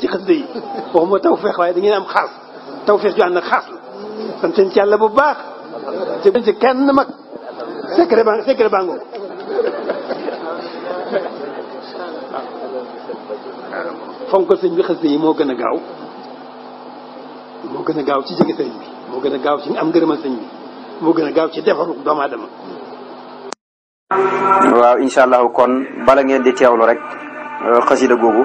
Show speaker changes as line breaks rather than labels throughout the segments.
ci xasida yi waxuma tawfeex waaye da ngeen am xaas tawfeex ju ànd ak xaas la sant seen ci bu baax ci kenn mag secret baa ngoog fonkal sëñ bi xasida yi moo gën a gaaw moo gën a gaaw ci jege sëñ bi moo gën a gaaw ci am ngërëmal sëñ bi moo gën a gaaw ci defaru doomu aadama waaw incha allahu kon bala ngeen di teewlu rek xasida googu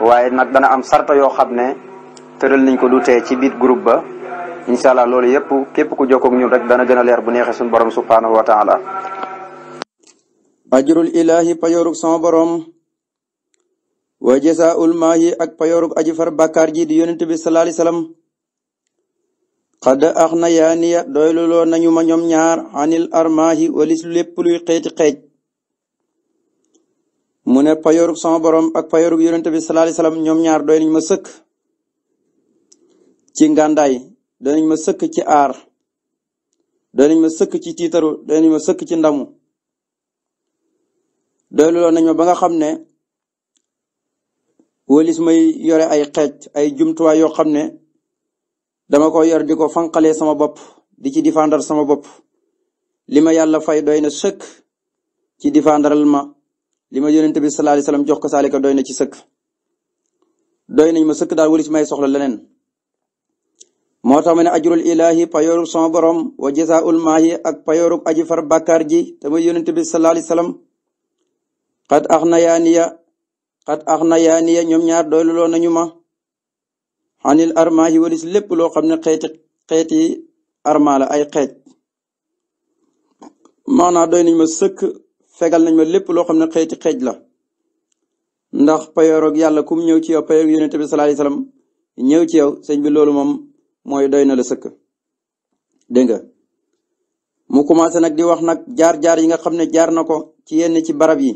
waaye nag dana am sarta yoo xam ne tëral nañ ko du te ci biir groupe ba incha allah loolu yëpp képp ku jokkoog ñun rek dana gën a leer bu neexee suñu borom subhaanahu wa taala ajrul ilaahi payoorug sama borom wa jasaa'ul maahi ak payoorug aji far bàkkaar ji di yonent bi sallallahu alayhi wasallam xadd ax na yaaniya doyluloo nañu ma ñoom ñaar anil armaahi walis lépp luy xeeti xeej mu ne payoorug sama borom ak payoorug yonent bi sallallahu alayhi ñoom ñaar doy nañ ma sëkk ci ngàndaay doy nañ ma sëkk ci aar doy nañ ma sëkk ci tiitaru doy nañ ma sëkk ci ndamu doyluloon nañ ma ba nga xam ne wëlis may yore ay xeej ay jumtuwaay yoo xam ne dama ko yor di ko fanqalee sama bopp di ci difandar sama bopp li ma yàlla fay doy na sëkk ci difandaral ma li ma yonent bi sallallahu alayhi wasallam jox ko saalika doy na ci sëkk doy nañ ma sëkk daal wëli may soxla leneen moo tax ma ne ajrul ilaahi payoorub sama borom wa jazaa'ul maahi ak payoorub aji far bàkkaar ji te muy yonent bi sallallahu alayhi wasallam xat ax na yaa niya xat ax na yaa niya ñoom ñaar doyluloo nañu ma lépp loo xam ne xeeti xeeti arma la ay xeet maanaa doy nañ ma sëkk fegal nañ ma lépp loo xam ne xeeti xeej la ndax payooroog yàlla kum ñëw ci yow payooroog yonent bi sallallahu alayhi wasallam ñëw ci yow sëñ bi loolu moom mooy doy na la sëkk dégg nga mu commencé nag di wax nag jaar-jaar yi nga xam ne jaar na ko ci yenn ci barab yi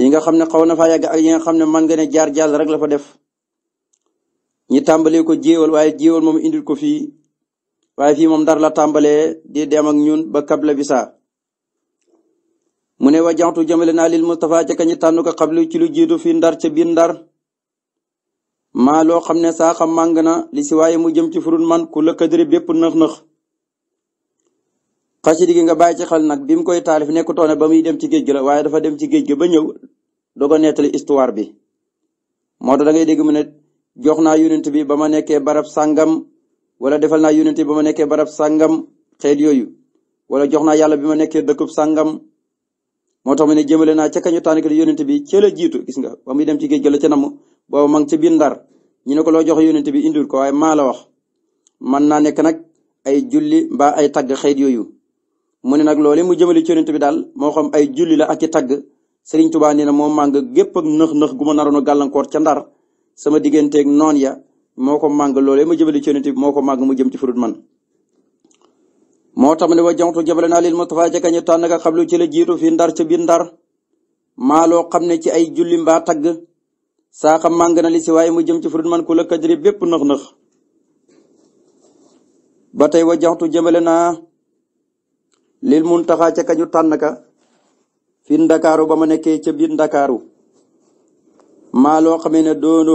yi nga xam ne xaw na faa yàgg ak yi nga xam ne man nga ne jaar-jaar rek la fa def ñi tàmbalee ko jéewal waaye jéewal moom indil ko fii waaye fii moom ndar la tàmbalee di dem ak ñun ba Kabla Bisa mu ne wa jaxtu jëmale naa lil Moustapha ca kañu tànn ko xablu ci lu jiitu fii ndar ca bi ndar maa loo xam ne saa xam màng na li si waaye mu jëm ci furun man ku la kadri bépp nëx-nëx xasidi gi nga bàyyi ci xel nag bi mu koy taalif nekkutoone ba muy dem ci géej gi la waaye dafa dem ci géej gi ba ñëw doog a nettali histoire bi moo tax da ngay dégg mu ne jox naa yonent bi ba ma nekkee barab sàngam wala defal naa yonent bi ba ma nekkee barab sàngam xeet yooyu wala jox naa yàlla bi ma nekkee dëkkub sàngam moo tax mu ne jëmale naa ca kañu tànn di bi ca la jiitu gis nga ba muy dem ci géej ga la ca namm booba ma ngi ca biir ndar ñu ne ko loo jox yónent bi indul ko waaye maa la wax man naa nekk nag ay julli mbaa ay tagg xëyit yooyu mu ne nag loole mu jëmale ci yónent bi daal moo xam ay julli la ak i tagg Sëriñ Tuubaa nee na moo màng gépp ak nëx-nëx gu ma naroon a gàllankoor ca ndar sama digganteeg noon ya moo ko màng loole ma jëmale ci yónent bi moo ko màng mu jëm ci furut man moo tam ne wa jantu jabale naa lil Mustafa ca kañu tànn ka xablu ci la jiitu fii ndar ca biir ndar maa loo xam ne ci ay julli mbaa tagg saa xam màng na li si waaye mu jëm ci furut man ku la kadri bépp nëx-nëx ba tey wa jantu jabale naa lil Muntaxa ca kañu tànn ka fii ndakaaru ba ma nekkee ca biir ndakaaru maa loo xam ne doonu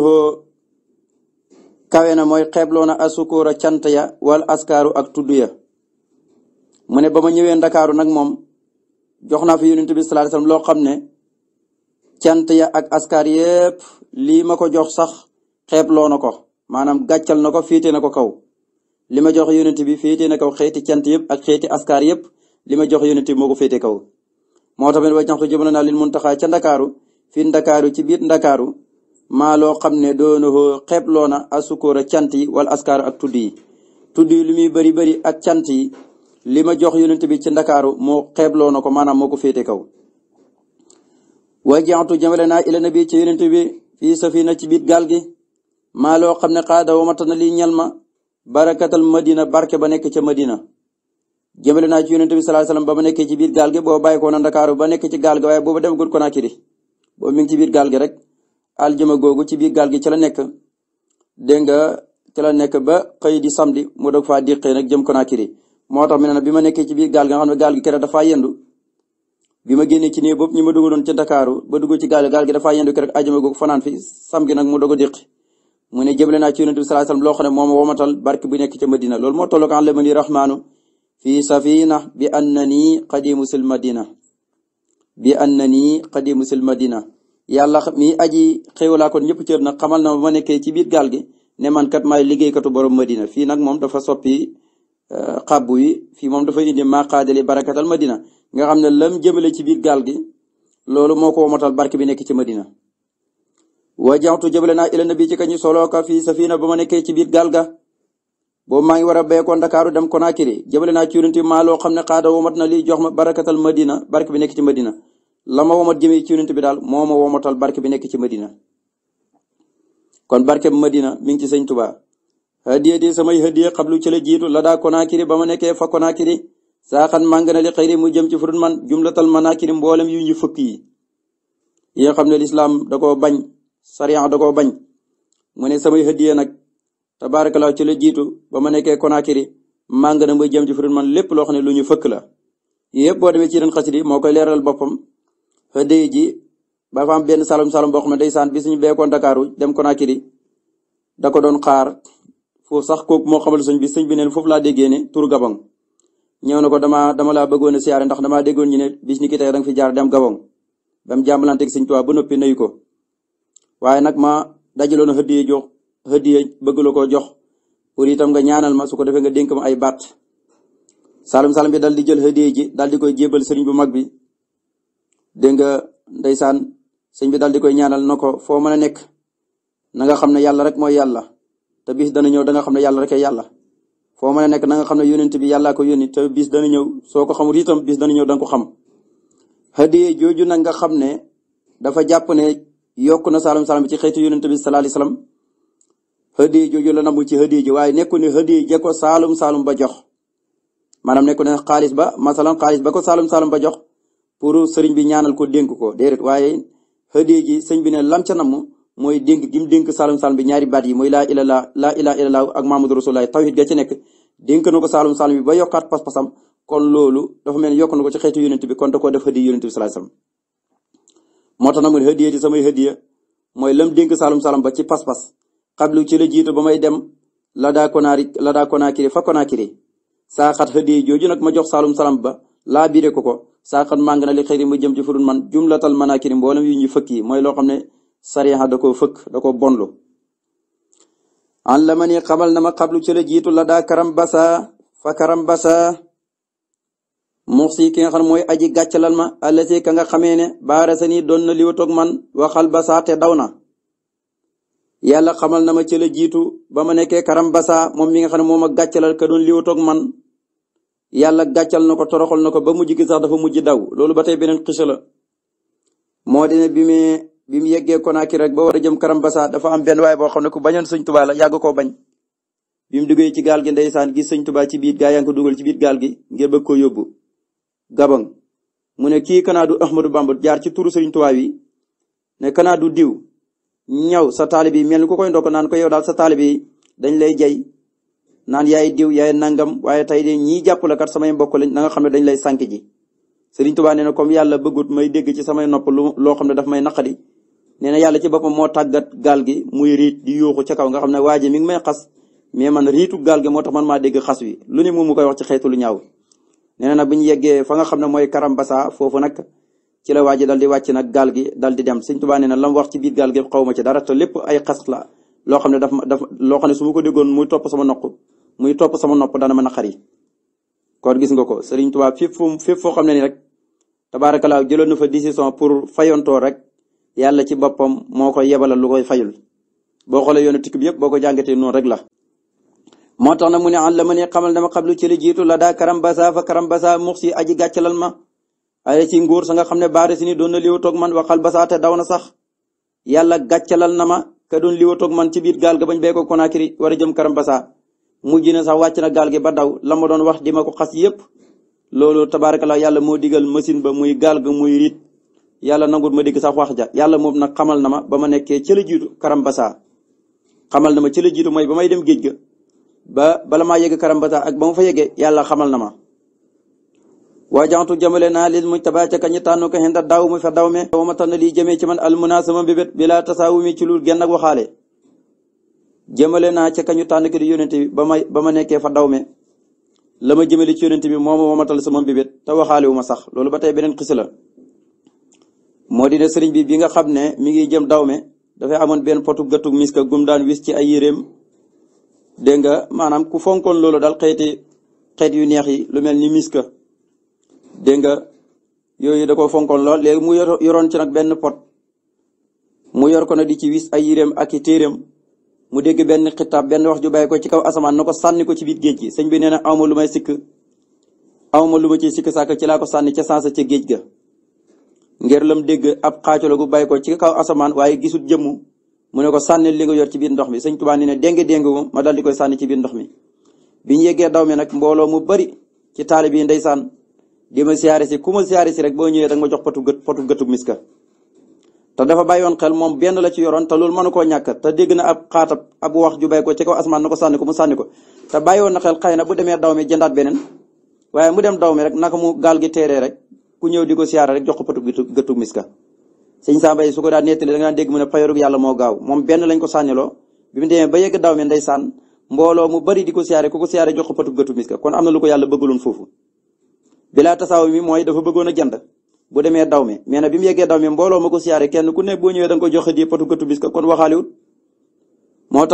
kawe na mooy xeebloo na asukóora cant ya wal askaaru ak tudd ya mu ne ba ma ñëwee ndakaaru nag moom jox naa fi yonent bi sallallahu alayhi loo xam ne cant ya ak askar yépp lii ma ko jox sax xeebloo na ko maanaam gàccal na ko féete na ko kaw li ma jox yonent bi féete na kaw xeeti cant yëpp ak xeeti askar yëpp li ma jox yonent bi moo ko féete kaw moo tamit wa ñaxtu jëmale naa lil muntaxaa ca ndakaaru fii ndakaaru ci biir ndakaaru maa loo xam ne doona xeebloo na asukóor a cant yi wala askar ak tudd yi tudd bari bari ak cant yi li ma jox yonent bi ci ndakaaru moo xeebloo na ko maanaam moo ko féete kaw wajaatu jëmale naa ila nabi ci yonent bi fii safina ci biit gaal gi maa loo xam ne xaada wamata na lii ñal ma barakatal madina barke ba nekk ca madina jëmale naa ci yonent bi sallallahu alayhi ba ma nekkee ci biir gaal gi boo bàyyi ko na ndakaaru ba nekk ci gaal gi waaye boobu dem gut ko naakiri boobu mi ngi ci biir gaal gi rek aljëma googu ci biir gaal gi ci la nekk dégg nga nekk ba xëy di samedi mu doog faa jëm ko naakiri moo tax mu ne nag bi ma nekkee ci biir gaal gi nga xam ne yendu bi ma génnee ci nii bopp ñi ma dugaloon ca Dakar ba dugg ci gaal gaal gi dafaa yendu keroog ajuma googu fanaan fi sam gi nag mu doog a déqi mu ne jëmale naa ci yonent bi sallallahu loo xam ne moom womatal barke bu nekk ca Madina loolu moo tolloog allamani rahmaanu fi safina bi annani qadimu sil madina bi annani qadimu sil madina yàlla mi aji xéewalaa kon ñëpp cër nag xamal na ma nekkee ci biir gaal gi ne man kat maay liggéeykatu borom Madina fii nag moom dafa soppi xàbbu yi fii moom dafay indi maqaadali barakatal madina nga xam ne lam jëmale ci biir gaal gi loolu moo ko womatal barke bi nekk ci madina wajaxtu jëmale naa ila nabi ci ka ñu soloo ka fii safina ba ma nekkee ci biir gaal ga boobu maa ngi war a béykoo ndakaaru dem Konaakiri jëmale na ci yonent maa loo xam ne xaada womat na lii jox ma barakatal madina barke bi nekk ci madina la ma womat jëmee ci yonent bi daal moo ma womatal barke bi nekk ci madina kon barke bi madina mi ngi ci sëñ hadiyati samay hadiya xablu ci la jiitu la daa konaakiri ba ma nekkee fa konaakiri saaxan màng na li xëyri mu jëm ci furut man jumlatal manaakiri mboolem yu ñu fukk yi yi nga xam ne lislaam da koo bañ sariya da koo bañ mu ne samay hadiya nag tabaarakallaa ci la jiitu ba ma nekkee konaakiri màng na muy jëm ci furut man lépp loo xam ne lu ñu fëkk la yëpp boo demee ci ren xasidi moo koy leeral boppam hadiya ji ba fa am benn salum salum boo xam day saan bi suñu beekoon Dakaaru dem konaakiri da ko doon foofu sax kooku moo xamal sëñ bi sëñ bi neen foofu laa déggee ne turu gabon ñëw na ko dama dama laa bëggoon a siyaare ndax damaa déggoon ñu ne bis ni ki tey danga fi jaar dem gabon ba mu jàmbalanteeg sëñ Tuubaa ba noppi nuyu ko waaye nag ma dajaloon hëddiye jox hëddiye bëgg la koo jox pour itam nga ñaanal ma su ko defee nga dénk ma ay baat salum salum bi dal di jël hëddiye ji dal di koy jébal sëriñ bu mag bi dégg nga ndeysaan sëñ bi dal di koy ñaanal na ko foo mën a nekk na nga xam ne yàlla rek mooy yàlla te bis dana ñëw danga xam ne yàlla rek yàlla foo mën nekk nanga xam ne yónent bi yàllaa ko yónni te bis dana ñëw soo ko xamul itam bis dana ñëw da nga ko xam hadiye jooju nag nga xam ne dafa jàpp ne yokk na salum salaam bi ci xeetu yónent bi sallallahu alayhi wasallam hadiye la namu ci hadiye ji waaye nekku ne hadiye je ko saalum saalum ba jox maanaam nekku ne xaalis ba masalan xaalis ba ko saalum saalum ba jox pour sëriñ bi ñaanal ko dénk ko déedéet waaye hadiye ji sëñ bi ne lam ca namm mooy dénk gi mu dénk saalum bi ñaari baat yi mooy laa ilaaha laa ilaaha illallaah ak Muhammadu rasulullaah tawhid ga ci nekk dénk na ko saalum saalum bi ba yokkaat pas-pasam kon loolu dafa mel yokk na ko ci xeetu yonent bi kon da koo def hëddi yonent bi sallallaahu alayhi wasallam moo tax nag mu ne hëddiya ci samay hëddiya mooy lam dénk saalum saalum ba ci pas-pas xablu ci la jiitu ba may dem la daa konaari la daa konaakiri fa konaakiri saaxat hëddiya jooju nag ma jox saalum saalum ba laa biire ko ko saaxat màng na li xëy ma jëm ci furun man jumlatal manaakiri yi mooy loo xam ne sariha da koo fëkk da koo bonlu an la ma ni xamal na ma xablu ci la la daa karam basa fa karam basa muxsi ki nga xam mooy aji gàccalal ma allati ka nga xamee ne baara sa ni doon na liwa toog man waxal basa te daw na yàlla xamal na ma ci jiitu ba ma nekkee karam basa moom mi nga xam ne moom a gàccalal ka doon liwa man yàlla gàccal na ko toroxal na ko ba mujj gi sax dafa mujj daw loolu ba tey beneen xisa la moo bi mu yeggee Conakry rek ba war a jëm Karambasa dafa am benn waay boo xam ne ku bañoon sëñ Tuubaa la yàgg koo bañ. bi mu duggee ci gaal gi ndeysaan gis sëñ Tuubaa ci biir gaa yaa ngi ko dugal ci gi ngir bëgg koo Gabon mu ne kii kanaa du Ahmadou Bamba jaar ci turu sëñ Tuubaa yi ne kanaa du diw ñaw sa taalibe yi mel ni ku koy ndokk naan ko yow daal sa taalibe yi dañ lay jay naan yaay diw yaay nangam waaye tey de ñii jàpp la samay mbokk lañ na nga xam ne dañ lay sànk ji. Sëriñ Tuubaa nee na comme yàlla bëggut may dégg ci samay nopp lu loo xam ne daf may naqadi nee na yàlla ci boppam moo tàggat gaal gi muy riit di yuuxu ca kaw nga xam ne waa ji mi ngi may xas mais man riitu gaal gi moo tax man maa dégg xas wi lu ne moom mu koy wax ci xeetu lu ñaaw nee na nag ñu yeggee fa nga xam ne mooy karambasa foofu nag ci la waa ji dal di nag gaal gi dal di dem sëñ Tuubaa nee na lam wax ci biir gaal gi xaw ma ci dara te lépp ay xas la loo xam ne daf daf loo xam ne suma ko déggoon muy topp sama nopp muy topp sama nopp dana a naqari kon gis nga ko Sëriñ Tuubaa fépp fu fépp foo xam ne ni rek tabaarakalaa jëloon na fa décision pour fayantoo rek yàlla ci boppam moo koy yebalal lu koy fayul boo xoolee yoonu tukki bi yëpp boo ko jàngatee noonu rek la. moo tax nag mu ne àll ma ne xamal dama xablu ci li jiitu la daa karam basa fa karam basa mux si aji gàccalal ma ay si nguur sa nga xam ne baare si ni doon na liwatoog man waxal basa te daw na sax yàlla gàccalal na ma ka doon liwatoog man ci biir gaal ga bañ bee ko Konaakiri war a jëm karam basa mujj na sax wàcc na gaal gi ba daw la ma doon wax di ko xas yépp lolo tabaaraka la yàlla moo digal machine ba muy gaal ga muy rit yàlla nangul ma dégg sax wax ja yàlla moom nag xamal na ma ba ma nekkee ca la jiitu Karambasa xamal na ma ca la jiitu mooy ba may dem géej ga ba bala maa karam Karambasa ak ba ma fa yeggee yàlla xamal na ma. waa jaxantu jamale naa lil muñ tabaa ca kañu tànn ko xinda daaw fa daw me wa ma tànn lii jëmee ci man almuna sama bébét bi laa tasaawumi ci lu genn ak waxaale jëmale naa ca kañu tànn ko di yónente bi ba may ba ma nekkee fa daw me la ma jëmale ci yónente bi moom moo matal sama bébét te waxaale wu ma sax loolu ba tey beneen xis la moo di ne sëriñ bi bi nga xam ne mi ngi jëm daw dawme dafay amoon benn pot gëtug miska gum daan wis ci ay yéreem dégg nga maanaam ku fonkoon loolu dal xeeti xeet yu neex yi lu mel ni miska dégg nga yooyu da koo fonkoon lool léegi mu yoroon ci nag benn pot mu yor ko na di ci wis ay yéreem ak i téereem mu degg benn xitaab benn wax ju bàyyi ko ci kaw asamaan na ko sànni ko ci biir géej gi sëñ bi nee na awma may sikk awma lu ma ciy sikk sàkk ci laa ko sànni ca sansa ci géej ga ngir lam dégg ab xaaco la gu bàyyi ko ci kaw asamaan waaye gisul jëmmu mu ne ko sànni li nga yor ci biir ndox mi sëñ Tuubaa ne ne dénge dénge wu ma dal di koy sànni ci biir ndox mi bi ñu yeggee daw mi nag mbooloo mu bari ci taali bi ndeysaan di ma siyaare si ku ma si rek boo ñëwee danga ma jox potu gët potu gëtu miska te dafa bàyyoon xel moom benn la ci yoroon te loolu mënu koo ñàkk te dégg na ab xaatab ab wax ju bay ko ci kaw asamaan na ko sànni ko mu sànni ko te bàyyoon na xel xëy na bu demee daw mi jëndaat beneen waaye mu dem daw mi rek naka mu gaal gi teeree ku ñëw di ko siyaara rek jox ko patu miska sëñ Samba yi su ko daan nettali da nga dégg mu ne payorug yàlla moo gaaw moom benn lañ ko sànniloo bi mu demee ba yegg daw mi ndeysaan mbooloo mu bari di siyaare ku ko siyaare jox ko patu miska kon am na lu ko yàlla bëggaloon foofu bilaa tasaaw mooy dafa bëggoon a jënd bu demee daw mi mais bi mu yeggee daw mi mbooloo ma siyaare kenn ku ne boo ñëwee da nga ko jox di patu gëttu miska kon waxaaliwut moo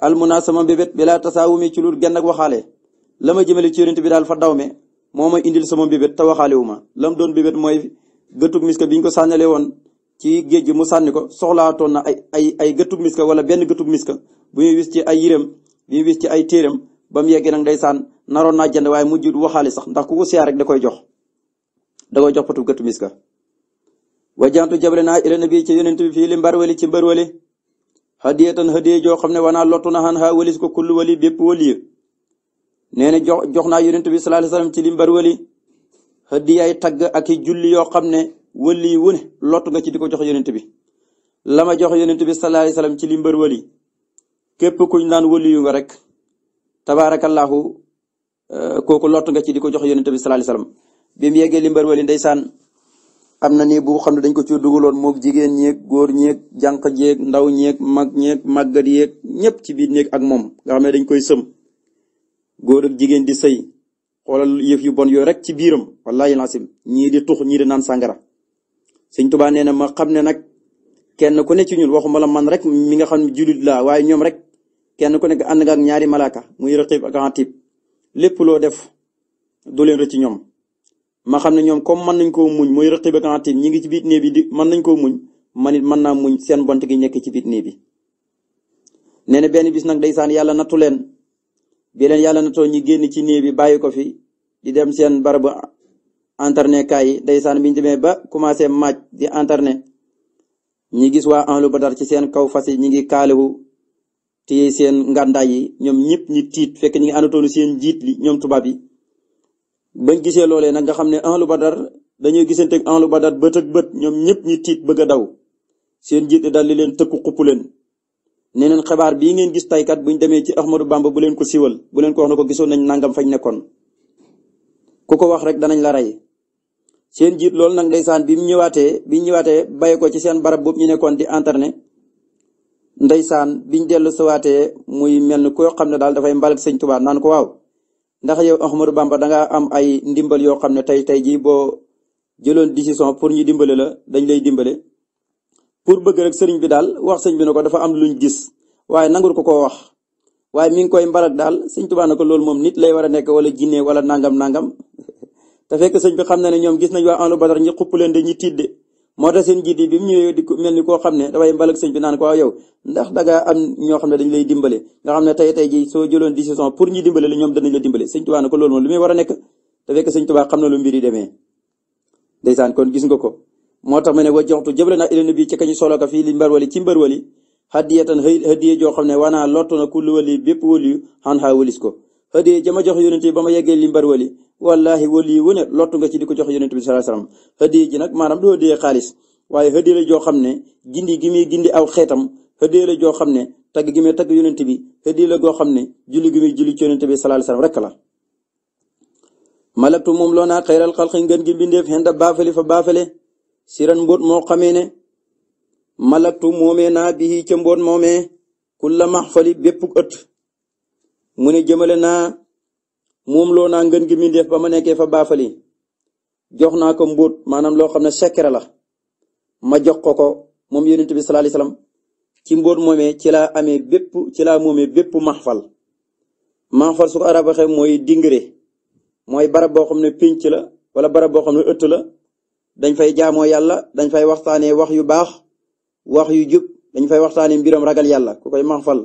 almuna sama mbébét bilaa tasaawumi ci lu genn ak waxaale la ma jëmale ci yonent bi daal fa dawme moo ma indil sama mbébét te waxaale wu ma lam doon mbébét mooy gëttug miska biñ ko sànnale woon ci géej gi mu sànni ko soxlaatoon na ay ay ay gëttug wala benn gëttug bu ñuy wis ci ay yërëm bu ñuy wis ci ay téeram ba mu yeggee nag ndeysaan naroon naa jënd waaye mujj waxaale sax ndax ku ko rek da koy jox da koy jox patub gëttu miska wajantu jabale naa ila nabi ci yonent bi fii li mbarwali ci mbarwali hadiyatan hadiya joo xam ne wanaa lottu na xan xaa walis ko kul wali bépp wali nee na jox jox naa yonent bi sallallahu alayhi ci li mbar wali hadiyaay tagg aki julli yoo xam ne wali wu lot nga ci di ko jox yonent bi lama ma jox yonent bi sallallahu ci li mbar wali képp kuñ naan wali nga rek tabaarakallaahu eh, kooku lottu nga ci di ko jox yonent bi sallallahu alayhi wasallam bi mu li mbar wali ndeysaan am na nii bu xam ne dañ ko ci dugaloon moog jigéen ñeeg góor ñeeg jànq jeeg ndaw ñeeg mag ñeeg màggat yeeg ñëpp ci biir néeg ak moom nga xam ne dañ koy sëm góor ak jigéen di sëy xoola yëf yu bon yooyu rek ci biiram wallaahi laasim ñii di tux ñii di naan sàngara sëñ Tuubaa nee na ma xam ne nag kenn ku ne ci ñun waxuma la man rek mi nga xam ne jullit laa waaye ñoom rek kenn ku nekk ànd nga ñaari malaaka muy raqib ak atib lépp loo def du leen rëcc ñoom ma xam ne ñoom comme mën nañ koo muñ mooy rëqi ba kantin ñi ngi ci biir néeg bi di mën nañ ko muñ man it mën naa muñ seen bont gi nekk ci biir néeg bi nee benn bis nag ndeysaan yàlla nattu leen bi leen yàlla nattoo ñi génn ci néeg bi bàyyi ko fi di dem seen barabu internet kaay yi ndeysaan bi ñu demee ba commencé maaj di internet ñi gis waa ba Badar ci seen kaw fas yi ñi ngi kaalewu ti seen ngàndaay yi ñoom ñëpp ñi tiit fekk ñi ngi àndatoonu seen njiit ñoom tubaab yi bañ gisee loolee nag nga xam ne ahlu badar dañuy gisanteeg ahlu badar bët ak bët ñoom ñëpp ñu tiit bëgg a daw seen jiit dal di leen tëkku xupp leen nee neen xabaar bii ngeen gis taykat buñ demee ci Ahmadou Bamba bu leen ko siwal bu leen ko ko gisoon nañ nangam fañ nekkoon ku ko wax rek danañ la rey seen jiit loolu nag ndeysaan bi mu ñëwaatee bi ñëwaatee bàyyi ko ci seen barab boobu ñu nekkoon di internet ndeysaan biñ dellu sawaatee muy mel ni koo xam ne daal dafay mbalak sëñ Tuubaa naan ko waaw ndax yow Ahmadou Bamba da ngaa am ay ndimbal yoo xam ne tey tey jii boo jëloon décision pour ñu dimbale la dañ lay dimbale pour bëgg rek sëriñ bi daal wax sëñ bi ne ko dafa am luñ gis waaye nangul ko koo wax waaye mi ngi koy mbarat daal sëñ Tuubaa na ko loolu moom nit lay war a nekk wala jinne wala nangam nangam te fekk sëñ bi xam na ne ñoom gis nañ waa Ahmadou Badar ñi xupp leen de ñi tiit de moo tax seen jiit yi bi mu ñëwee mel ni koo xam ne dafay mbalak sëñ bi naan ko waaw yow ndax dangaa am ñoo xam ne dañ lay dimbale nga xam ne tey tey ji soo jëloon décision pour ñu dimbale la ñoom danañ la dimbale sëñ tubaa ne ko loolu moom lu muy war a nekk te fekk sëñ tubaa xam na lu mbir yi demee ndeysaan kon gis nga ko moo tax ma ne wa joxtu jëbale naa ilana bi ci kañu solo ko fii li mbar wali ci mbar wali hadiyatan hadiye joo xam ne waanaa lottu na ku lu wali bépp wali xan xaa ko hadiya jama jox yonent bi ba ma yeggee limbar wali wallahi wali wu ne lottu nga ci di ko jox yonent bi sallallahu alayhi wasallam hadiya ji nag maanaam du hadiya xaalis waaye hadiya la joo xam ne gindi gi muy gindi aw xeetam hadiya la joo xam ne tagg gi muy tagg yonent bi hadiya la goo xam ne julli gi muy julli ci yonent bi sallallahu alayhi rek la malaktu moom loo naa xayral xalqi ngeen gi mbindeef xenda baafale fa baafale siran mbóot moo xamee ne malaktu moomee naa bii ca mbóot moomee ku la maxfali bépp mu ne jëmale naa moom loo naa ngën gi mindeef ba ma nekkee fa baafali jox naa ko mbóot maanaam loo xam ne secret la ma jox ko ko moom yonent bi sallallahu ci mbóot moomee ci laa amee bépp ci laa moomee bépp maxfal maxfal su ko arab waxee mooy dingre mooy barab boo xam ne pénc la wala barab boo xam ne ëtt la dañ fay jaamoo yàlla dañ fay waxtaanee wax yu baax wax yu jub dañ fay waxtaanee mbiram ragal yàlla ku koy maxfal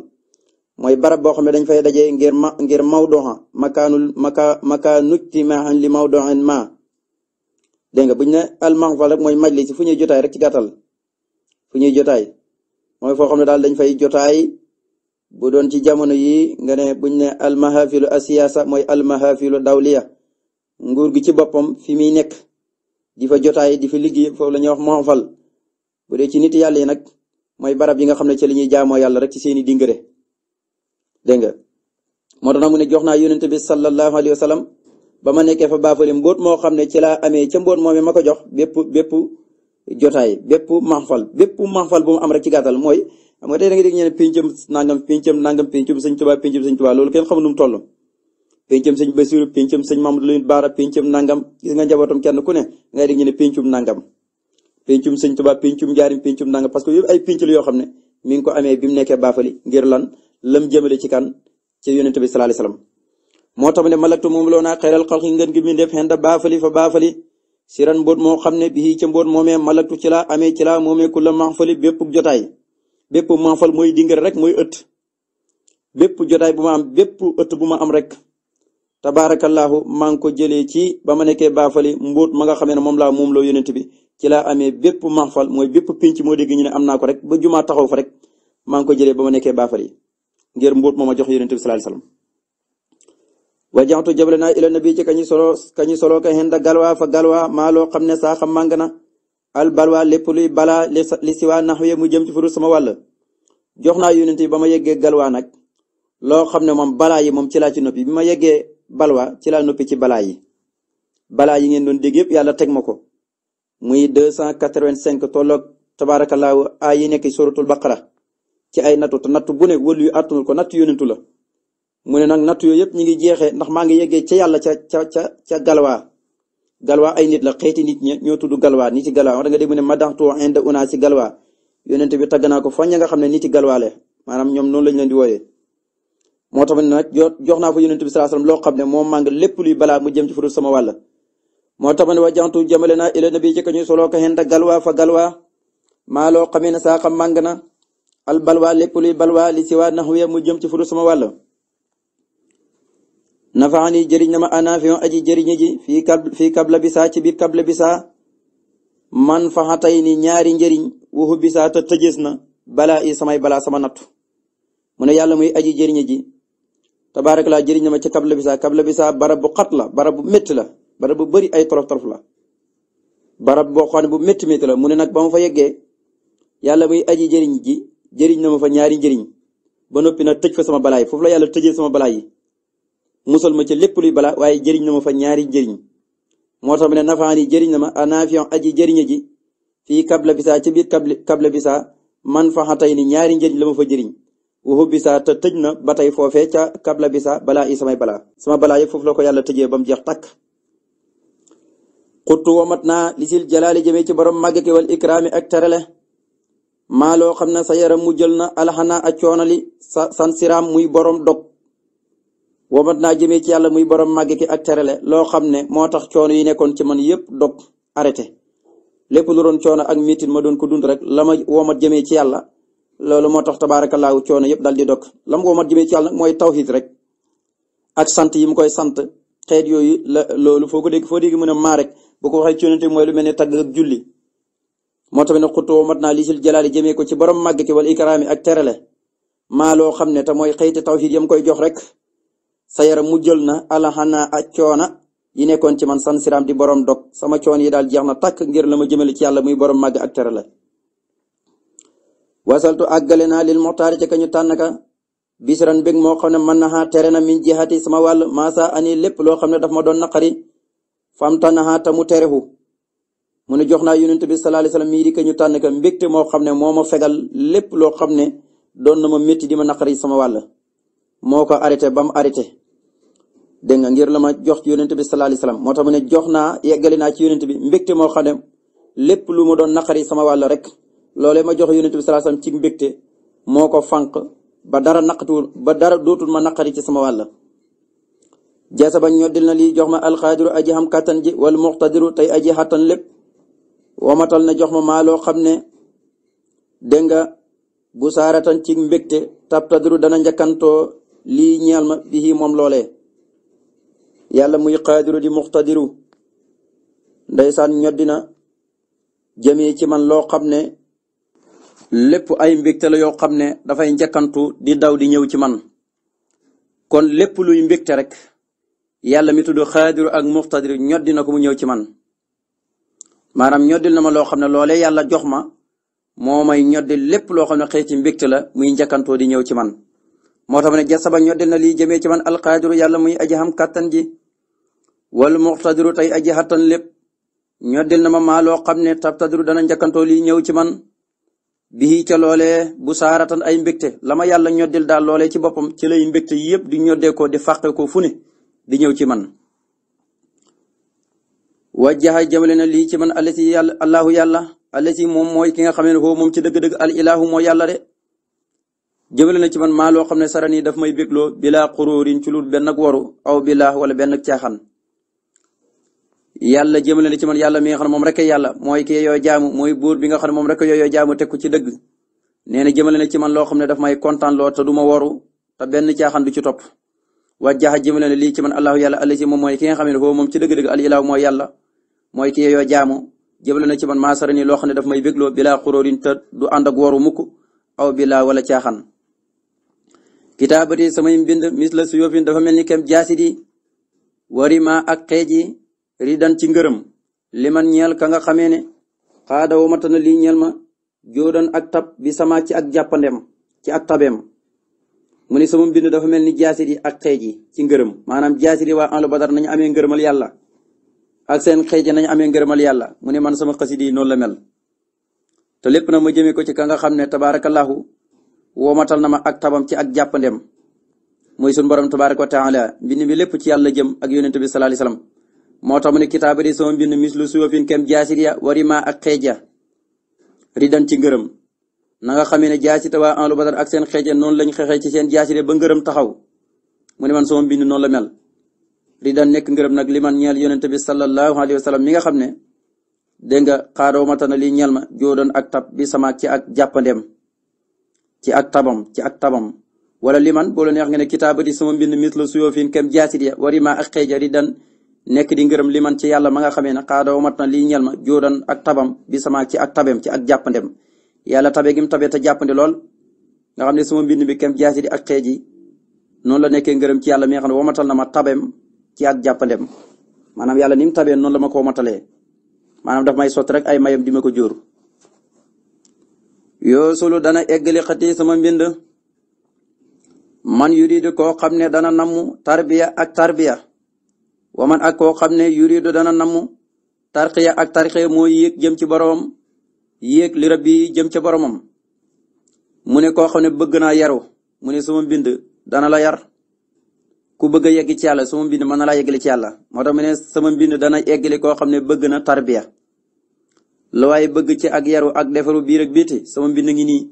mooy barab boo xam ne dañ fay daje ngir ma ngir mawdoxa makaanul maka makaanu ijtimaahan li mawdoxin ma dégg nga bu ñu ne al mahfal rek mooy majlis fu ñuy jotaay rek ci gàttal fu ñuy jotaay mooy foo xam ne daal dañ fay jotaay bu doon ci jamono yi nga ne buñ ne al mahafilu asiyaasa mooy al mahafilu dawliya nguur gi ci boppam fi muy nekk di fa jotaay di fa liggéey foofu la ñuy wax mahfal bu dee ci nit yàlla yi nag mooy barab yi nga xam ne ci la ñuy jaamoo yàlla rek ci seeni dingare dégg nga moo tax nag mu ne jox naa yonent bi sallallahu alayhi wa sallam ba ma nekkee fa baafale mbóot moo xam ne ci laa amee ca mbóot moom ma ko jox bépp bépp jotaay bépp manfal bépp manfal bu mu am rek ci gàttal mooy xam nga tey da nga dégg ñu ne pincam nangam pincam nangam pincam sëñ Tuubaa pincam sëñ Tuubaa loolu kenn xamul nu mu toll pincam sëñ Basiru pincam sëñ Mamadou Lamine Baara pincam nangam gis nga njabootam kenn ku ne ngay dégg nangam pincum sëñ Tuubaa pincum njaarim pincum nangam parce que yëpp ay pinc la yoo xam ne mi ngi ko ame bi mu nekkee baafali ngir lan lam jëmale ci kan ci yonent bi sallallahu alayhi wasallam moo tax mu ne malaktu moom loo naa xeeral xalxi ngën gi bindéef xenda baafali fa baafali siran mboot moo xam ne bii ca mboot moomee malaktu ci laa amee ci laa moomee ku la maxfali bépp jotaay bépp maxfal mooy dingal rek mooy ëtt bépp jotaay bu ma am bépp ëtt bu ma am rek tabaarakallaahu maa ngi ko jëlee ci ba ma nekkee baafali mbóot ma nga xamee ne moom laa moom loo yonent bi ci laa amee bépp maxfal mooy bépp pinc moo dégg ñu ne am naa ko rek ba jumaa taxaw fa rek maa ngi ko jëlee ba ma nekkee baafali ngir mbuut mooma jox yonent bi sallallahu alayhi wasallam wajaxtu jabale naa ila nabi ci kañu solo kañu solo ka henda galwa fa galwa ma loo xam ne saa a màng na al balwa lépp luy balaa li siwaa naxwe mu jëm ci sama walla jox naa yonent ba ma yeggee galwa nag loo xam ne moom balaa yi moom ci laa ci noppi bi ma yeggee balwa ci laa noppi ci balaa yi balaa yi ngeen doon dégg yëpp yàlla teg ma ko muy 285 tolloog tabaarakallaahu aay yi nekk suratul baqara ci ay nattu te nattu bu ne wëlu yu àttanul ko nattu yonentu la mu ne nag nattu yooyu yëpp ñu ngi jeexee ndax maa ngi yeggee ca yàlla ca ca ca ca galwaa galwaa ay nit la xeeti nit ña ñoo tudd galwaa nit ci galwaa wax da nga dégg mu ne madaxtu inde una si galwaa yonent bi tagg naa ko fa ña nga xam ne nit ci galwaa la maanaam noonu lañ leen di wooyee moo tax nag jox naa fa yonent bi salaa salaam loo xam ne moo màng lépp luy balaa mu jëm ci fudul sama wàll moo tax ma ne wa jantu jëmale naa ila nabi jëkk ñu soloo ko xenda galwaa maa loo xamee ne saa xam màng na al balwa lépp luy balwa li si waa naxwiya jëm ci furu sama wàll nafaani jëriñ na ma anaafiyon aji jëriñi ji fii kab fii kabla bisaa ci biir kabla bisaa man faxatay ni ñaari njëriñ waxu bisaa te tëjees na balaa i samay balaa sama natt mu ne yàlla muy aji jëriñi ji tabaaraka laa jëriñ na ma ci kabla bisaa kabla bisaa barab bu xat la barab bu métti la barab bu bëri ay tolof tolof la barab boo xam ne bu métti métti la mu ne nag ba ma fa yeggee yàlla muy aji jëriñ ji jëriñ na ma fa ñaari njëriñ ba noppi nag tëj fa sama balaay foofu la yàlla tëjee sama balaay musal ma ca lépp luy bala waaye jëriñ na ma fa ñaari njëriñ moo tax ma ne nafaani jëriñ na ma anaafion aji jëriñe ji fii kabla bisaa ci biir kabla bisaa man faxa tey ni ñaari njëriñ la ma fa jëriñ waxu tëj na ba tey foofee ca kabla bisaa balaa yi samay balaa sama balaa yëpp foofu la ko yàlla tëjee ba mu jeex tàkk xuttu womat na lisil jalaali jëmee ci borom màgg wal ikraami ak terale maa loo xam ne sa yaram mu jël na alxanaa ak coono li sa san siraam muy borom dog womat naa jëmee ci yàlla muy borom màgg ki ak terele loo xam ne moo tax coono yi nekkoon ci man yëpp dog arrêté lépp lu doon coono ak mitit ma doon ko dund rek la ma womat jëmee ci yàlla loolu moo tax tabaarakallaahu coono yëpp dal di dog la ma womat jëmee ci yàlla mooy taw tawhid rek ak sant yi mu koy sant xeet yooyu la loolu foo ko dégg foo dégg mën a maa rek ko waxee ci yonente mooy lu mel ne tagg ak julli moo tamit na xutoo mat naa liisil jalaali jëmee ko ci borom màgg ki wala ikraami ak terale maa loo xam ne te mooy xëyti tawxiid yam koy jox rek sa yaram mu jël na alaxana ak coona yi nekkoon ci man san siraam di borom dog sama coon yi daal jeex na tàkk ngir la ma jëmale ci yàlla muy borom màgg ak terale wasaltu àggale naa lil moxtaari ca ka ñu tànn ka bisran bég moo xam ne mën na tere na min jihati sama wàll maasa ani lépp loo xam ne daf ma doon naqari fam tànn xaa ta mu mu ne jox naa yonent bi sallallahu alayhi wasallam mii di ka ñu tànn ka moo xam ne moo ma fegal lépp loo xam ne doon na ma métti di ma naqari sama wàll moo ko arrêté ba mu arrêté dégg nga ngir la ma jox ci yonent bi sallallahu alayhi moo tax mu ne jox naa yeggali naa ci yonent bi mbégte moo xam ne lépp lu ma doon naqari sama wàll rek loolee ma jox yonent bi sallallahu alayhi mbégte moo ko fànq ba dara naqatul ba dara dootul ma naqari ci sama wàll jeesa ba ñoddil na lii jox ma alxaadiru aji xam kàttan ji wal muqtadiru tey aji xàttan lépp womatal na jox ma maa loo xam ne dégg nga bu saaratan ci mbégte tabtadiru dana njëkkantoo lii ñeel ma bii moom loole yàlla muy qaadiru di muqtadiru ndeysaan ñoddina jëmee ci man loo xam ne lépp ay mbégte la yoo xam ne dafay njëkkantu di daw di ñëw ci man kon lépp luy mbégte rek yàlla mi tudd qaadiru ak muqtadiru ñoddina ko mu ñëw ci man maanaam ñoddil na ma loo xam ne loole yàlla jox ma moo may ñoddil lépp loo xam ne xeeti mbégte la muy njëkkantoo di ñëw ci man moo tax ne jasaba ñoddil na lii jëmee ci man alqaadiru yàlla muy aji xam kàttan ji wal muqtadiru tey aji xattan lépp ñoddil na ma maa loo xam ne tabtadiru dana njëkkantoo lii ñëw ci man bii ca loolee bu saaratan ay mbégte la ma yàlla ñoddil daal loolee ci boppam ci lay mbégte yëpp di ñoddee ko di fàqe ko fu ne di ñëw ci man wajjaha jëmale na lii ci man allati yàlla allahu yàlla allati moom mooy ki nga xam ne foofu moom ci dëgg-dëgg al ilaahu mooy yàlla de jëmale na ci man maa loo xam ne sarani daf may bégloo bilaa xuróorin ci lul benn ak waru aw bilaa wala benn ak caaxaan yàlla jëmale na ci man yàlla mi nga xam ne moom rek yàlla mooy ki yooyu jaamu mooy buur bi nga xam ne moom rek yooyu jaamu teg ko ci dëgg nee na jëmale na ci man loo xam ne daf may kontaan loo te du ma waru te benn caaxaan du ci topp wajjaha jëmale na lii ne foofu moom ci dëgg al ilaahu mooy yàlla mooy ki yoo jaamu jëbale na ci man maasara nii loo xam ne daf may bégloo bilaa xuróorin te du ànd ak waru mukk aw bilaa wala caaxaan kitaabati samay mbind mis la dafa mel ni kem jaasit yi warima ak xeej yi ridan ci ngërëm li man ñeel ka nga xamee ne xaada wamata na lii ñeel ma jóodan ak tab bi sama ci ak jàppandem ci ak tabeem mu ni sama mbind dafa mel ni jaasit yi ak xeej yi ci ngërëm maanaam jaasit yi waa ahlu badar nañu amee ngërëmal yàlla ak seen xëy ci nañ amee ngërëmal yàlla mu ne man sama xasida yi noonu la mel te lépp na ma jëmee ko ci ka nga xam ne tabaarakallahu woomatal na ma ak tabam ci ak jàppandem mooy sunu borom tabaaraka wa taala mbind mi lépp ci yàlla jëm ak yonent bi sallallahu alayhi moo tax mu ne kitaaba di sama mbind mislu suufin kem jaasiriya warima ak xeej ya ridan ci ngërëm na nga xamee ne jaasita waa ahlu badar ak seen xeej ya noonu lañ xeexee ci seen jaasire ba ngërëm taxaw mu ne man sama mbind noonu la mel ridan nekk ngërëm nag li man ñeel yonente bi sallallahu alayhi mi nga xam ne dégg nga xaadoo mata na li ñeel ma jóodoon ak tab bi sama ci ak jàppandeem ci ak tabam ci ak tabam li man boo la neex nga ne kitaabati sama mbind mis la suyoo fiin kem jaasit ya ma nekk di ngërëm li man ci yàlla ma nga xamee ne xaadoo mat na li ma jóodoon ak tabam bi sama ci ak tabem ci ak jàppandeem yàlla tabe gim tabe te jàppandi lool nga xam ne sama mbind bi kem jaasit ak xëy ji la nekke ngërëm ci yàlla mi nga xam ne womatal na ma tabem ci ak jàppandem maanaam yàlla ni mu tabee noonu la ma koo matalee maanaam daf may sotti rek ay mayam di ma ko jóor yoo sulu dana eggali xati sama mbind man yuridu koo xam ne dana namm tarbiya ak tarbiya wa man ak koo xam ne yuridu dana namu tarqiya ak tarqiya moo yéeg jëm ci boroomam yéeg li rabbi jëm ci boromam mu ne koo xam ne bëgg naa yaru mu ne sama mbind dana la yar ku bëgg yegg ci yàlla sama mbind mën na laa yeggale ci yàlla moo tax mu ne sama mbind dana yeggale koo xam ne bëgg na tarbiya lu waaye bëgg ci ak yaru ak defaru biir ak biti sama mbind ngi nii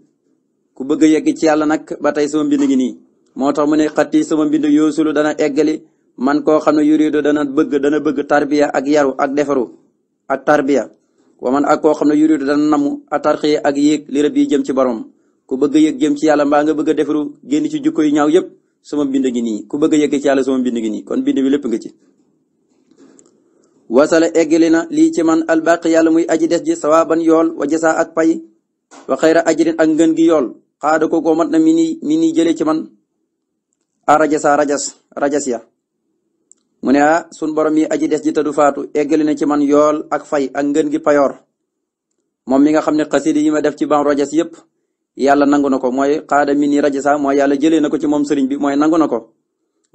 ku bëgg yegg ci yàlla nag ba tey sama mbind ngi nii moo tax mu ne xatti sama mbind yoosulu dana eggali man koo xam ne yurido dana bëgg dana bëgg tarbiya ak yaru ak defaru ak tarbiya wa man ak koo xam ne yurido dana namu a tarxiya ak yéeg li rab jëm ci borom ku bëgg a yéeg jëm ci yàlla mbaa nga bëgg defaru génn ci jukko yu ñaaw yépp sama bind gi nii ku bëgg a yegg ci yàlla sama bind gi nii kon bind bi lépp nga ci wasala eggali na lii ci man albaq yàlla muy aji des ji sawaaban yool wa jasaa ak pay wa xayra ajrin ak ngën gi yool xaada ko ko mat na mi nii mi nii jëlee ci man a rajasa rajas rajas ya mu ne ah sun borom yi aji des ji te du faatu eggali na ci man yool ak fay ak ngën gi payoor moom mi nga xam ne xasida yi ma def ci ban rajas yépp yàlla nangu na ko mooy xaada mi nii rajo sax mooy yàlla jëlee na ko ci moom sëriñ bi mooy nangu na ko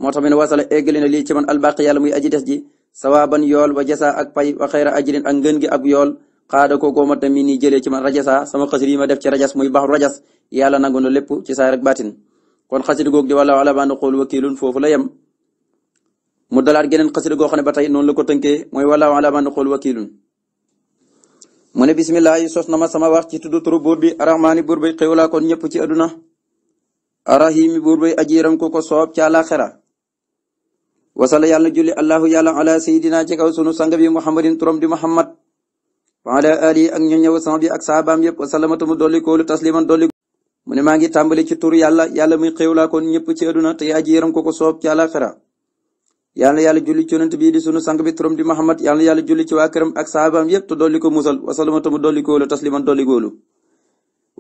moo tax mu ne wasala eggale na lii ci man albaq yàlla muy aji des ji sawaban yool wa jasa ak pay wa xayra ajrin ak ngën gi ab yool xaada kookoo mat na mi nii jëlee ci man rajo sax sama xasir yi ma def ci rajas muy baax rajas yàlla nangu na lépp ci saay rek baatin kon xasir googu di wala wala baan xool wakiilun foofu la yem mu dalaat geneen xasir goo xam ne ba tey noonu la ko tënkee mooy wala wala baan xool wakiilun mu ne bisimilah yi sos na ma sama wax ci tuddu turu buur bi arahmaani buur bay xewlaa kon ñëpp ci aduna arahimi buur bay koko yërëm ku ko soob ca alaxira wasala yàlla julli allahu yàlla ala sayidina ci kaw sunu sang bi muhammadin turam di muhammad wa ala ali ak ñu ñëw sama bi ak saabaam yëpp wasalama tumu dolli koolu tasliman dolli mu ne maa ngi tàmbali ci tur yàlla yàlla muy xewlaa kon ñëpp ci aduna te jiram yërëm ko soob ci alaxira yal na yàlla julli ci yonent bii di sunu sang bi turam di Muhammad yal na yàlla julli ci waa këram ak saabaam yépp te dolli ko musal wasalama tamu dolli góolu tasliman dolli góolu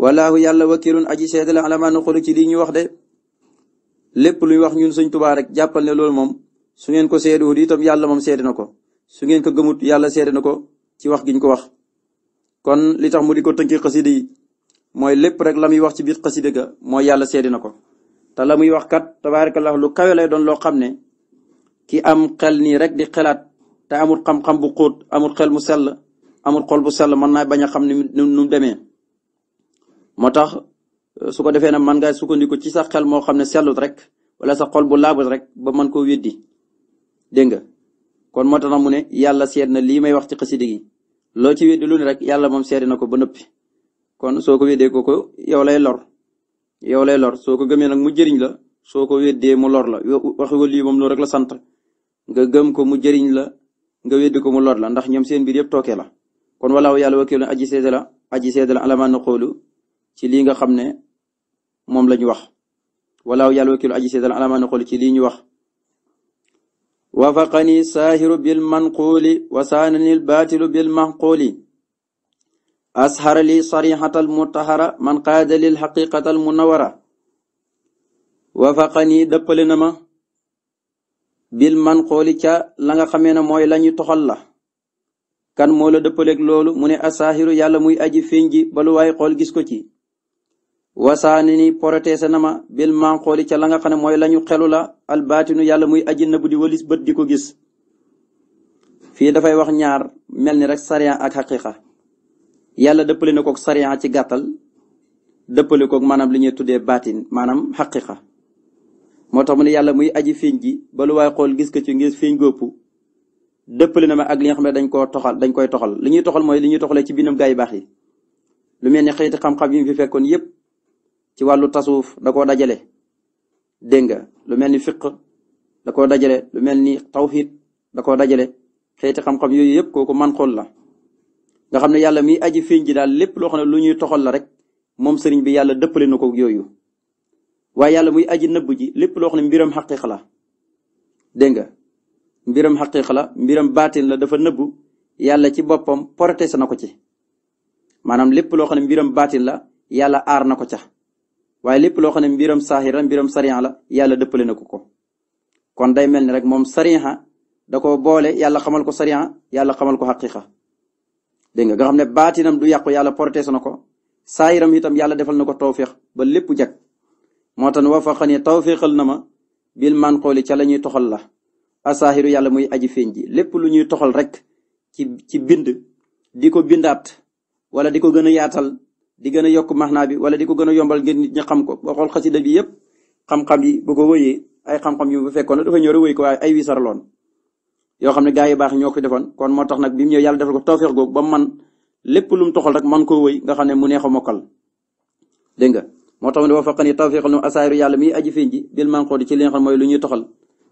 walaahu yàlla wakiilun aji seede la alamaa na xoolu ci lii ñu wax de lépp luy wax ñun suñ tubaa rek jàppal ne lool moom su ngeen ko seedewut itam yàlla moom seede na ko su ngeen ko gëmut yàlla seede na ko ci wax giñ ko wax kon li tax mu di ko tënki xasida mooy lépp rek la muy wax ci biir xasida ga mooy yàlla seede na ko te la doon loo xam ne ki am xel nii rek di xelaat te amul xam-xam bu xóot amul xel mu sell amut xol bu sell mën naa bañ a xam ni nu mu demee moo tax euh, su ko defee nag mën ngaa sukkandiku ci sa xel moo xam ne sellut rek wala sa xol bu laabut rek ba mën koo weddi dégg nga kon moo na nag mu ne yàlla seet na lii may wax ci xasida gi loo ci weddi lu ne rek yàlla moom seet na ko ba noppi kon soo ko weddee ko ko yow lay lor yow lay lor soo ko gëmee nag mu jëriñ la soo ko weddee mu lor la wax ko lii moom loolu rek la sant nga gëm ko mu jëriñ la nga weddi ko mu lor la ndax ñoom seen biir yëpp tooke la kon wala yàlla wakiilun aji seede la aji seede ci lii nga xam ne moom la wax walaaw yàlla wakiilun aji seede ci lii ñu wax wafaqani saahiru bil manquuli wa saanani l bil mahquuli ashara li sarixatal mutahara man qaada lil xaqiqatal munawara wafaqani dëppale na bil man xooli ca la nga xamee ne mooy la ñu toxal la kan moo la dëppaleek loolu mu ne asaahiru yàlla muy aji feeñ ji ba lu xool gis ko ci wasaani ni porotese na ma bil man xooli ca la nga xam ne mooy lañu xelu la albaatinu yàlla muy aji nëbb di walis bët di ko gis fii dafay wax ñaar mel ni rek sariya ak xaqiqa yàlla dëppale na koog sariya ci gàttal dëppale koog maanaam li ñuy tuddee baatin maanaam xaqiqa moo tax mu ne yàlla muy aji fiiñ ji ba xool gis ko ci ngir fiñ gópp dëppale ak li xam ne dañ koo toxal dañ koy toxal li ñuy toxal mooy li ñuy toxalee ci bindam gaa baax yi lu mel ni xeeti xam-xam yi fekkoon yépp ci wàllu tasuuf da dajale dégg nga lu mel ni fiq da koo dajale lu mel ni tawxiid da koo dajale xeeti xam-xam yooyu yëpp kooku man xool la nga xam ne yàlla miy aji fiñ ji daal lépp loo xam ne lu ñuy toxal la rek moom sëriñ bi yàlla dëppale na ko yooyu waaye yàlla muy aji nëbb ji lépp loo xam ne mbiram xaqiq la dégg nga mbiram xaqiq la mbiram baatin la dafa nëbbu yàlla ci boppam protégé na ko ci maanaam lépp loo xam ne mbiram baatin la yàlla aar na ko ca waaye lépp loo xam ne mbiram saaxir la mbiram sariya la yàlla dëppale na ko ko kon day mel ni rek moom sariya da ko boole yàlla xamal ko sariya yàlla xamal ko xaqiqa dégg nga nga xam ne baatinam du yàqu yàlla protégé na ko saaxiram itam yàlla defal na ko tawfiix ba lépp jag moo tax wafaxani tawfiqal na ma bil man xooli ca la ñuy toxal la asaahiru yàlla muy aji feeñ ji lépp lu ñuy toxal rek ci ci bind di ko bindaat wala di ko gën a yaatal di gën a yokk maxnaa bi wala di ko gën a yombal ngir nit ñi xam ko boo xool xasida bi yëpp xam-xam yi bu ko wëyee ay xam-xam yu bu fekkoon dafa ñëw rek wëy ko waaye ay wisar loon yoo xam ne gaa yu baax ñoo ko defoon kon moo tax nag bi mu ñëw yàlla defal ko tawfiq googu ba man lépp lu mu toxal rek man koo woy nga xam ne mu neex a mokkal nga moo tax mu ne wa faqani tawfiqal nu asaayiru yàlla miy aji fiñ ji bil manqoodi ci li nga xam mooy lu ñuy toxal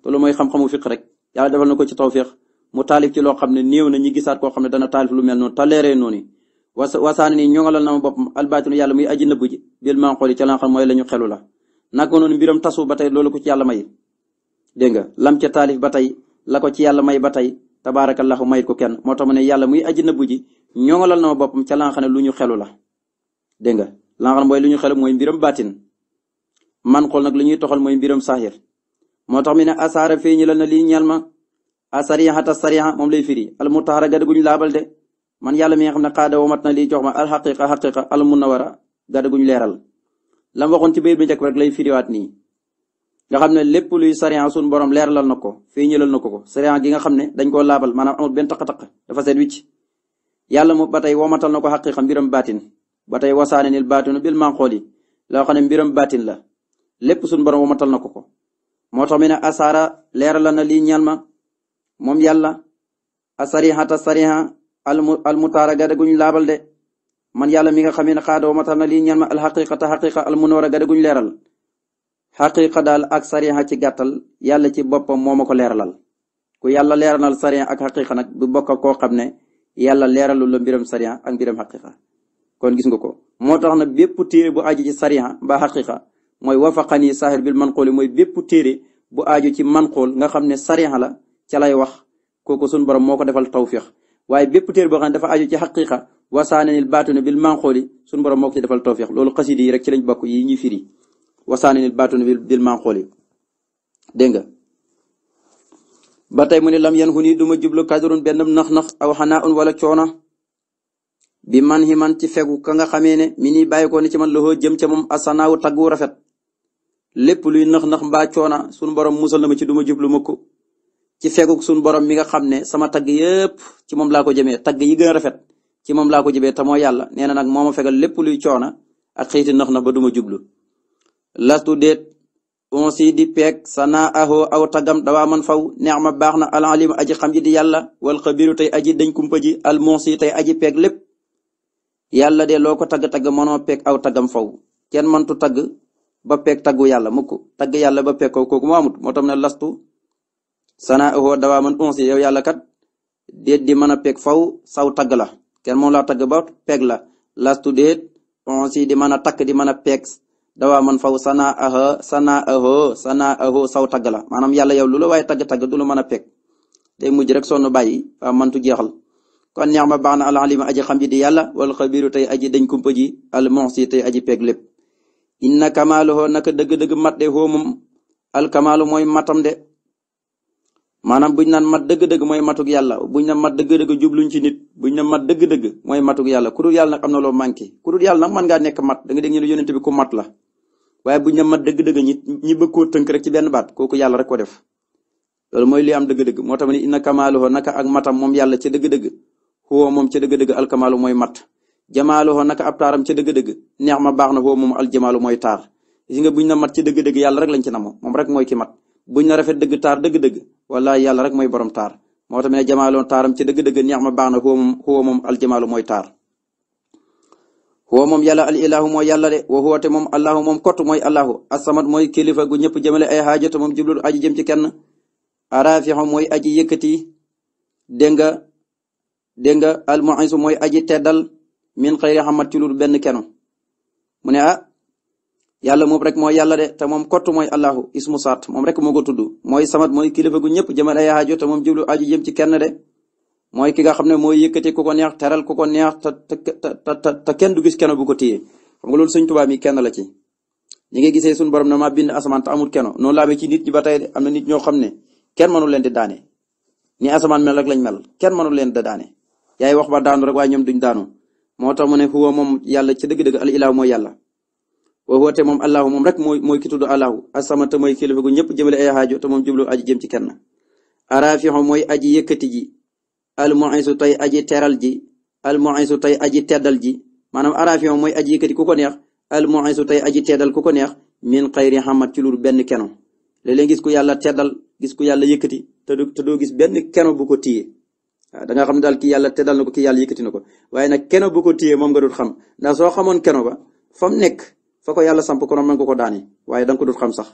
te mooy xam-xamu fiq rek yàlla defal na ko ci tawfiq mu taalif ci loo xam ne néew na ñi gisaat koo xam ne dana taalif lu mel noonu taleeree noonu wasa wasaani nii ñoŋalal na ma bopp albaatinu yàlla muy aji nëbbu ji bil manqoodi ci la xam mooy la ñu xelu la naka noonu mbiram tasu ba tey loolu ko ci yàlla may nga lam ca taalif ba tey la ko ci yàlla may ba tey tabaarakallahu mayit ko kenn moo tax mu ne yàlla muy aji nëbbu ji ñoŋalal na ma boppam ca la nga xam lu ñu xelu la dégg nga la nga mooy lu ñu xel mooy mbiram baatin man xool nag lu ñuy toxal mooy mbiram saxir moo tax mi ne asaara feeñalal na lii ñal ma asariha ta sariha moom lay firi al mutahara gada guñu laabal man yàlla mi nga xam ne xaada womat na lii jox ma al xaqiqa xaqiqa al munawara gada guñu leeral lam waxoon ci bayit bi njëkk rek lay firiwaat nii nga xam ne lépp luy sariya suñu borom leeralal na ko feeñalal na ko ko sariya gi nga xam ne dañ koo laabal maanaam amul benn taq-taq dafa seet wicc yàlla mu ba tey womatal na ko xaqiqa mbiram baatin ba tey wasaane nil baatinu bil manqool yi loo xam ne mbiram baatin la lépp suñu borom wamatal na ko ko moo mi ne asaara leeralal na lii ñal ma moom yàlla asarihata sariha almu almutaara gada guñ laabal de man yàlla mi nga xam ne xaada wamatal na lii ñal ma alxaqiqata xaqiqa almunoora gada guñ leeral xaqiqa daal ak sariha ci gàttal yàlla ci boppam moo ma ko leeralal ku yàlla leeralal sariha ak xaqiqa nag du bokk koo xam ne yàlla leeralul la mbiram sariha ak mbiram xaqiqa kon gis nga ko moo tax nag bépp téere bu aju ci sariha mbaa xaqiqa mooy wafaqani sahir man manqool mooy bépp téere bu aju ci manqool nga xam ne sariha la ca lay wax kooku sunu borom moo ko defal tawfiq waaye bépp téere boo xam ne dafa aju ci xaqiqa wasaananil baatuna bil manqooli sunu borom moo ko ci defal tawfiq loolu xasida yi rek ci lañ bokk yi ñuy firi wasaananil baatuna bil manqooli dégg nga ba tey mu ne lam yan xuni duma jublu kadrun benn nax-nax aw xanaa un bi man hi man ci fegu ka nga xamee ne mi nii bàyyi ko ni ci man loxo jëm ca moom asanaawu taggu rafet lépp luy nax-nax mbaa coona sunu borom musal na ma ci du ma jublu mukk ci fegu sunu borom mi nga xam ne sama tagg yëpp ci moom laa ko jëmee tagg yi gën a rafet ci moom laa ko jëmee te moo yàlla nee na nag moo ma fegal lépp luy coona ak xiiti nax-nax ba duma jublu. lastu déet on si di peeg sanaa ahoo aw taggam dawaa man faw neex ma baax na al alim aji xam ji di yàlla wal xabiru tey aji dañ kumpa ji al tey aji peeg lépp yàlla de loo ko tagg-tagg mënoo peeg aw taggam faw kenn mëntu tagg ba pek taggu yàlla mukk tagg yàlla ba peeg ko kooku mu amut moo tam ne lastu sanaahu dawaaman unsi yow yàlla kat déet di mën a peeg faw saw tagg la kenn moom laa tagg ba peeg la lastu déet unsi di mën a takk di mën a peeg dawaaman faw sanaahu sanaahu sanaahu saw tagg la maanaam yàlla yow lu la waaye tagg-tagg du la mën a peeg day mujj rek sonn bàyyi fa mantu jeexal kon ñaax ma baax na alalima aji xam ji di yàlla wal xabiru tey aji dañ kumpa ji al muxsi tey aji peeg lépp inna kamaaluhoo naka dëgg-dëgg mat de hoo moom al kamaalu mooy matam de maanaam buñ naan mat dëgg-dëgg mooy matuk yàlla buñ naan mat dëgg-dëgg jubluñ ci nit buñ naan mat dëgg mooy matuk yàlla ku yàlla am na loo manqué ku dul yàlla nag mën ngaa nekk mat da nga dégg ñu ku mat la waaye buñ naan dëgg-dëgg ñi ñi bëgg koo tënk rek ci benn baat kooku yàlla rek ko def mooy li am dëgg-dëgg moo tax ma ne inna kamaaluhu naka ak matam moom yàlla ci dëgg-dëgg huwa moom ca dëgg-dëgg alkamaalu mooy mat jamaaluhu naka ab taaram ca dëgg-dëgg neex ma baax na huwa moom aljamaalu mooy taar gis nga buñ na mat ci dëgg-dëgg yàlla rek lañ ci namoo moom rek mooy ki mat buñ na rafet dëgg taar dëgg-dëgg wala yàlla rek mooy borom taar moo tax ne jamaaluhu taaram ca dëgg-dëgg neex ma baax na huwa moom huwa moom aljamaalu mooy taar huwa moom yàlla al ilahu mooy yàlla de wa huwa te moom allahu moom kott mooy allahu asamat mooy kilifa gu ñëpp jëmale ay xaajata moom jublu aji jëm ci kenn arafixu mooy aji yëkkati dégg nga dégg nga almuisu mooy aji teddal min xëy xamat ci lu benn keno mu ne a ah, yàlla moom rek mooy yàlla de te moom kott mooy allahu ismu saat moom rek moo ko tudd mooy samat mooy kilifa gu ñëpp jëmal ay aajo te moom jublu aju jëm ci kenn de mooy ki nga xam ne mooy yëkkati ku ko neex teral ku ko neex te te te kenn du gis kenn ko téye xam nga loolu suñ tubaab mi kenn la ci ñi nga gisee suñu borom na ma bind asamaan te amul keno noonu laa ci nit ñi ba tey de am na nit ñoo xam ne kenn mënu leen di daane ni asamaan mel lañ mel kenn mënu leen di daane yaay wax ba daanu rek waaye ñoom duñ daanu moo tax mu ne huwa moom yàlla ci dëgg-dëgg al ilahu mooy yàlla wa huwa te moom allahu moom rek mooy mooy ki tudd allahu asama te mooy kilifa gu ñëpp jëmale ay xaajo te moom jublu aji jëm ci kenn arafixu mooy aji yëkkati ji almuisu tey aji teral ji almuisu tey aji teddal ji maanaam arafixu mooy aji yëkkati ku ko neex almuisu tey aji teddal ku ko neex min xayri xamat ci lur benn keno léeg-léeg gis ku yàlla teddal gis ku yàlla yëkkati te doo gis benn keno bu ko téye waaw da nga daal kii yàlla te dal na ko kii yàlla yëkkati na ko waaye nag keno bu ko téyee moom nga dut xam ndax soo xamoon keno ba fa mu nekk fa ko yàlla samp konoon mën nga ko daani waaye da nga ko dut xam sax